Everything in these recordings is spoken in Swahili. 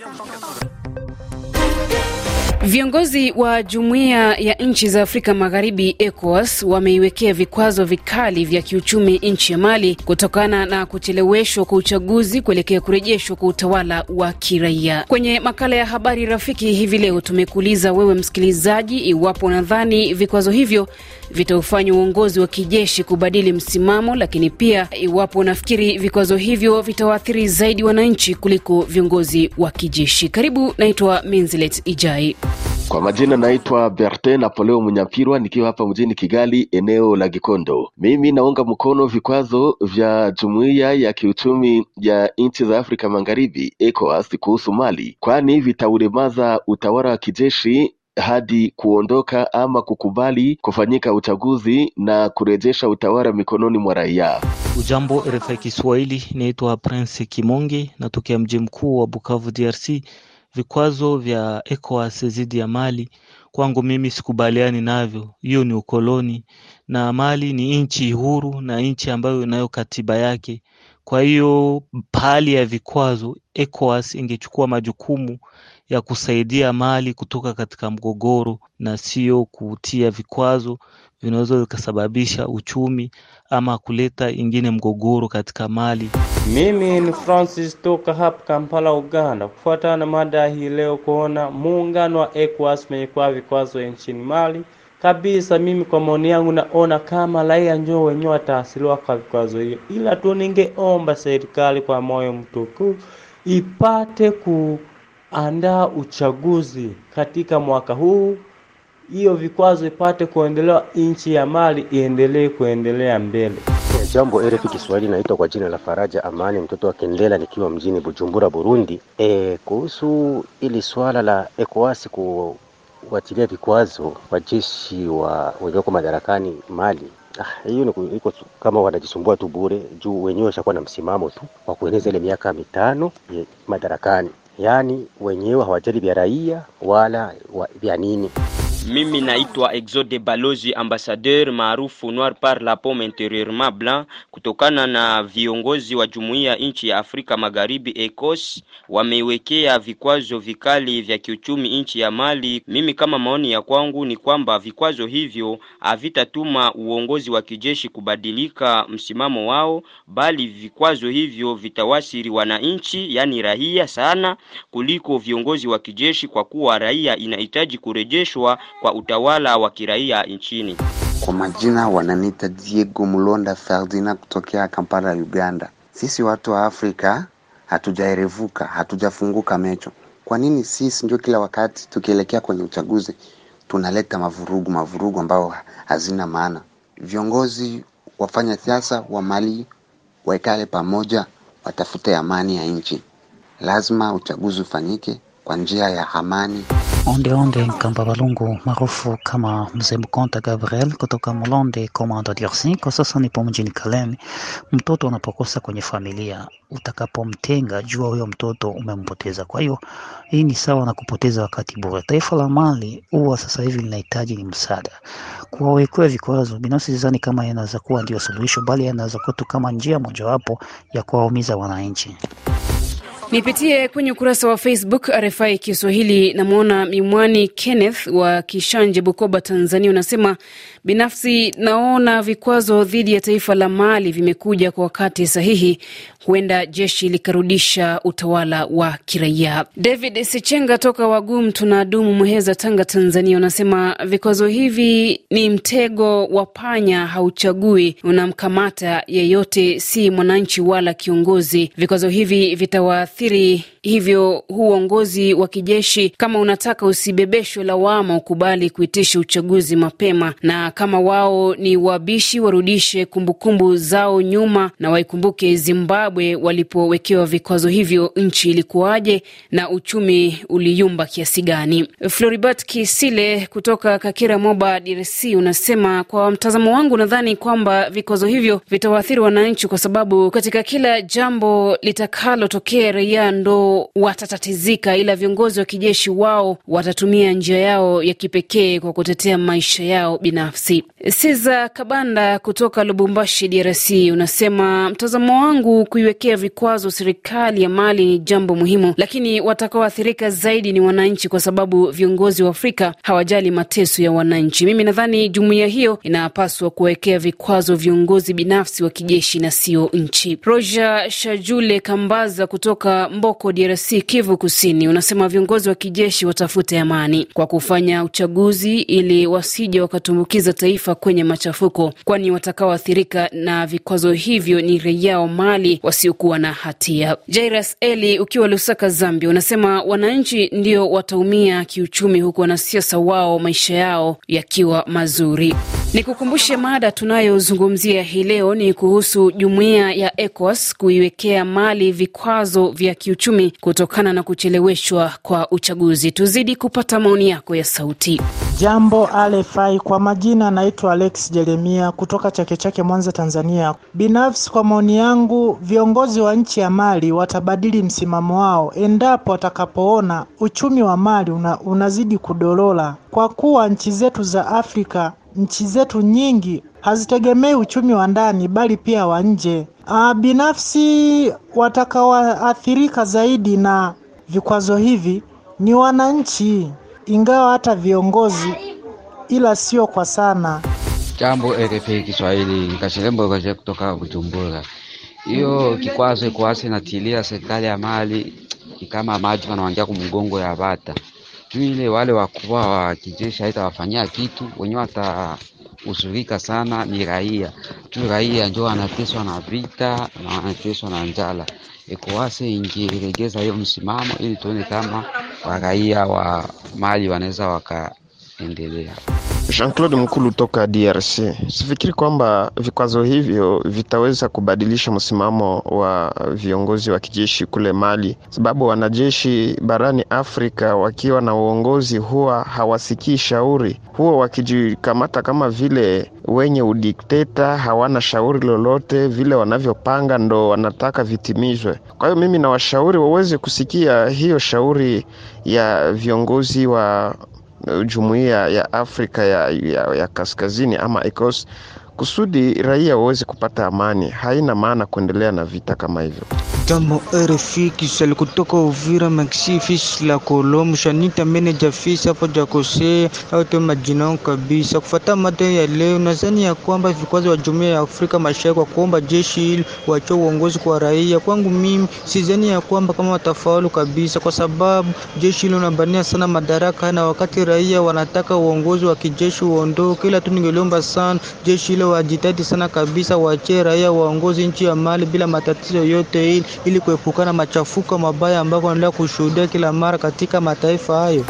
要放个炮。Viongozi wa jumuiya ya nchi za Afrika Magharibi, ECOWAS, wameiwekea vikwazo vikali vya kiuchumi nchi ya Mali kutokana na kucheleweshwa kwa uchaguzi kuelekea kurejeshwa kwa utawala wa kiraia. Kwenye makala ya habari rafiki hivi leo, tumekuuliza wewe msikilizaji, iwapo unadhani vikwazo hivyo vitaufanya uongozi wa kijeshi kubadili msimamo, lakini pia iwapo unafikiri vikwazo hivyo vitawaathiri zaidi wananchi kuliko viongozi wa kijeshi. Karibu, naitwa Minzilet Ijai. Kwa majina naitwa Bertin Napoleo Munyapirwa, nikiwa hapa mjini Kigali, eneo la Gikondo. Mimi naunga mkono vikwazo vya jumuiya ya kiuchumi ya nchi za Afrika Magharibi, ECOWAS, kuhusu Mali, kwani vitaulemaza utawala wa kijeshi hadi kuondoka ama kukubali kufanyika uchaguzi na kurejesha utawala mikononi mwa raia. Ujambo RFI Kiswahili, inaitwa Prince Kimonge, natokea mji mkuu wa Bukavu, DRC vikwazo vya ECOWAS dhidi ya Mali kwangu mimi sikubaliani navyo. Hiyo ni ukoloni, na Mali ni nchi huru na nchi ambayo inayo katiba yake. Kwa hiyo pahali ya vikwazo, ECOWAS ingechukua majukumu ya kusaidia Mali kutoka katika mgogoro na sio kutia vikwazo vinaweza vikasababisha uchumi ama kuleta ingine mgogoro katika mali. Mimi ni Francis toka hapa Kampala, Uganda, kufuatana na mada hii leo kuona muungano wa ECOWAS umekuwa vikwazo nchini Mali kabisa. Mimi kwa maoni yangu naona kama raia njoo wenyewe wataasiliwa kwa vikwazo hiyo, ila tu ningeomba serikali kwa moyo mtukufu ipate kuandaa uchaguzi katika mwaka huu hiyo vikwazo ipate kuendelewa nchi ya Mali iendelee kuendelea mbele. Jambo RFI Kiswahili, naitwa kwa jina la Faraja Amani, mtoto wa Kendela, nikiwa mjini Bujumbura, Burundi. E, kuhusu ili swala la ECOWAS kuwatilia vikwazo wajeshi wa walioko madarakani Mali, ah, hiyo ah, iko kama wanajisumbua tu bure, juu wenyewe washakuwa na msimamo tu wa kueneza ile miaka mitano ye, madarakani, yaani wenyewe hawajali vya raia wala vya nini mimi naitwa Exode Balozi, ambassadeur maarufu noir par la pomme intérieurement blanc, kutokana na viongozi wa jumuiya nchi ya Afrika Magharibi ECOS wamewekea vikwazo vikali vya kiuchumi nchi ya Mali. Mimi kama maoni ya kwangu ni kwamba vikwazo hivyo havitatuma uongozi wa kijeshi kubadilika msimamo wao, bali vikwazo hivyo vitawasiri wananchi, yani raia sana kuliko viongozi wa kijeshi, kwa kuwa raia inahitaji kurejeshwa kwa utawala wa kiraia nchini. Kwa majina wananiita Diego Mulonda Ferdina kutokea Kampala, Uganda. Sisi watu wa Afrika hatujaerevuka, hatujafunguka mecho. Kwa nini sisi ndio kila wakati tukielekea kwenye uchaguzi tunaleta mavurugu mavurugu ambayo hazina maana? Viongozi wafanya siasa wa Mali waikale pamoja, watafute amani ya nchi. Lazima uchaguzi ufanyike kwa njia ya amani. Ondeonde Nkamba Balungu maarufu kama Mzee Mkonta Gabriel kutoka Mlonde Komando DRC. Kwa sasa nipo mjini Kalemi. Mtoto unapokosa kwenye familia, utakapomtenga jua huyo mtoto umempoteza. Kwa hiyo hii ni sawa na kupoteza wakati bure. Taifa la Mali huwa sasa hivi linahitaji ni msaada, kuwawekea vikwazo. Binafsi sidhani kama yanaweza kuwa ndio suluhisho, bali yanaweza kuwa tu kama njia mojawapo ya kuwaumiza wananchi. Nipitie kwenye ukurasa wa Facebook RFI Kiswahili. Namwona Mimwani Kenneth wa Kishanje, Bukoba, Tanzania, unasema Binafsi naona vikwazo dhidi ya taifa la Mali vimekuja kwa wakati sahihi, huenda jeshi likarudisha utawala wa kiraia. David Sichenga toka Wagum tunadumu Muheza, Tanga, Tanzania, unasema vikwazo hivi ni mtego wa panya, hauchagui unamkamata yeyote, si mwananchi wala kiongozi. Vikwazo hivi vitawaathiri, hivyo huu uongozi wa kijeshi, kama unataka usibebeshwe lawama, ukubali kuitisha uchaguzi mapema na kama wao ni wabishi warudishe kumbukumbu zao nyuma na waikumbuke Zimbabwe walipowekewa vikwazo hivyo, nchi ilikuwaje na uchumi uliyumba kiasi gani? floribert Kisile kutoka Kakira, Moba, DRC unasema, kwa mtazamo wangu nadhani kwamba vikwazo hivyo vitawaathiri wananchi, kwa sababu katika kila jambo litakalotokea raia ndo watatatizika, ila viongozi wa kijeshi wao watatumia njia yao ya kipekee kwa kutetea maisha yao binafsi. Siza Kabanda kutoka Lubumbashi, DRC, unasema mtazamo wangu, kuiwekea vikwazo serikali ya Mali ni jambo muhimu, lakini watakaoathirika zaidi ni wananchi, kwa sababu viongozi wa Afrika hawajali mateso ya wananchi. Mimi nadhani jumuiya hiyo inapaswa kuwawekea vikwazo viongozi binafsi wa kijeshi na sio nchi. Roja Shajule Kambaza kutoka Mboko, DRC, Kivu Kusini, unasema viongozi wa kijeshi watafute amani kwa kufanya uchaguzi ili wasije wakatumbukiza kutumbukiza taifa kwenye machafuko, kwani watakaoathirika na vikwazo hivyo ni raia wa Mali wasiokuwa na hatia. Jairas Eli, ukiwa Lusaka, Zambia, unasema wananchi ndio wataumia kiuchumi, huku wanasiasa wao maisha yao yakiwa mazuri. ni kukumbushe mada tunayozungumzia hii leo ni kuhusu jumuiya ya ECOWAS kuiwekea Mali vikwazo vya kiuchumi kutokana na kucheleweshwa kwa uchaguzi. Tuzidi kupata maoni yako ya sauti. Jambo RFI, kwa majina naitwa Alex Jeremia kutoka Chake Chake Mwanza, Tanzania. Binafsi, kwa maoni yangu, viongozi wa nchi ya Mali watabadili msimamo wao endapo watakapoona uchumi wa Mali una, unazidi kudorora, kwa kuwa nchi zetu za Afrika, nchi zetu nyingi hazitegemei uchumi wa ndani bali pia wa nje. Ah, binafsi, watakaoathirika zaidi na vikwazo hivi ni wananchi ingawa hata viongozi, ila sio kwa sana. Jambo RFI Kiswahili, Kashirembo Roje kutoka Bujumbura. Hiyo kikwazo ikoasi inatilia serikali ya mali kama maji wanawangia kumgongo ya bata juu ile wale wakubwa wa kijeshi haitawafanyia kitu, wenyewe watahuzurika sana ni raia tu. raia ndio wanateswa na vita na wanateswa na njala. Ekoase ingeregeza hiyo msimamo ili tuone kama waraia wa Mali wanaweza wakaendelea Jean-Claude Mkulu toka DRC. Sifikiri kwamba vikwazo hivyo vitaweza kubadilisha msimamo wa viongozi wa kijeshi kule Mali, sababu wanajeshi barani Afrika wakiwa na uongozi huwa hawasikii shauri, huwa wakijikamata kama vile wenye udikteta, hawana shauri lolote, vile wanavyopanga ndo wanataka vitimizwe. Kwa hiyo mimi nawashauri waweze kusikia hiyo shauri ya viongozi wa jumuiya ya Afrika ya, ya, ya kaskazini ama ECOWAS kusudi raia waweze kupata amani. Haina maana kuendelea na vita kama hivyo. Jambo RFI Kiswahili kutoka Uvira, Maxi Fish la Kolomu shanita meneja fisi hapo jakosea au te majina kabisa. Kufuata mada ya leo, nadhani ya kwamba vikwazo wa jumuiya ya Afrika Mashariki kwa kuomba jeshi hili wacho uongozi kwa raia, kwangu mimi sidhani ya kwamba kama watafaulu kabisa, kwa sababu jeshi hili unabania sana madaraka na wakati raia wanataka uongozi wa kijeshi uondoke, ila tu ningeliomba sana jeshi hilo wajitahidi sana kabisa, waachie raia waongozi nchi ya Mali bila matatizo yote, ili, ili kuepukana machafuko mabaya ambayo wanaendelea kushuhudia kila mara katika mataifa hayo.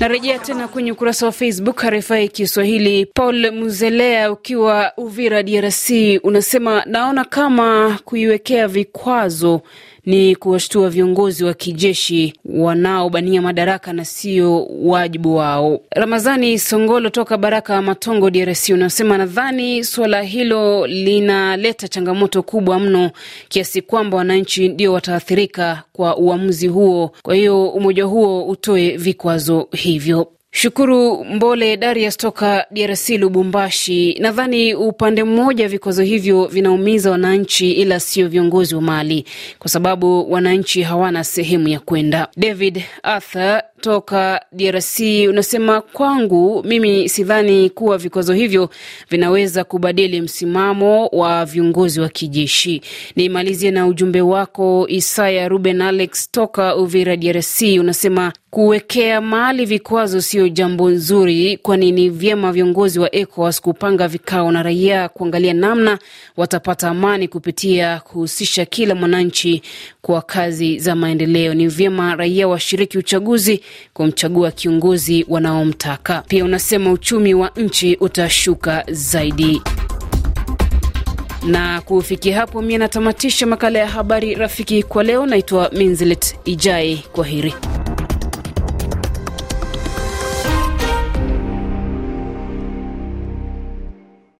Narejea tena kwenye ukurasa wa Facebook RFI Kiswahili. Paul Muzelea ukiwa Uvira, DRC, unasema naona kama kuiwekea vikwazo ni kuwashtua viongozi wa kijeshi wanaobania madaraka na sio wajibu wao. Ramazani Songolo toka Baraka Matongo, DRC, unasema nadhani suala hilo linaleta changamoto kubwa mno kiasi kwamba wananchi ndio wataathirika kwa uamuzi huo. Kwa hiyo umoja huo utoe vikwazo hivyo. Shukuru Mbole Darius toka DRC, Lubumbashi. Nadhani upande mmoja vikwazo hivyo vinaumiza wananchi, ila sio viongozi wa Mali, kwa sababu wananchi hawana sehemu ya kwenda. David Arthur toka DRC unasema, kwangu mimi sidhani kuwa vikwazo hivyo vinaweza kubadili msimamo wa viongozi wa kijeshi. Nimalizie na ujumbe wako Isaya Ruben Alex toka Uvira, DRC unasema kuwekea mali vikwazo sio jambo nzuri, kwani ni vyema viongozi wa ECOWAS kupanga vikao na raia kuangalia namna watapata amani kupitia kuhusisha kila mwananchi kwa kazi za maendeleo. Ni vyema raia washiriki uchaguzi kumchagua kiongozi wanaomtaka. Pia unasema uchumi wa nchi utashuka zaidi. Na kufikia hapo, mie natamatisha makala ya habari rafiki kwa leo. Naitwa Minzlet Ijai, heri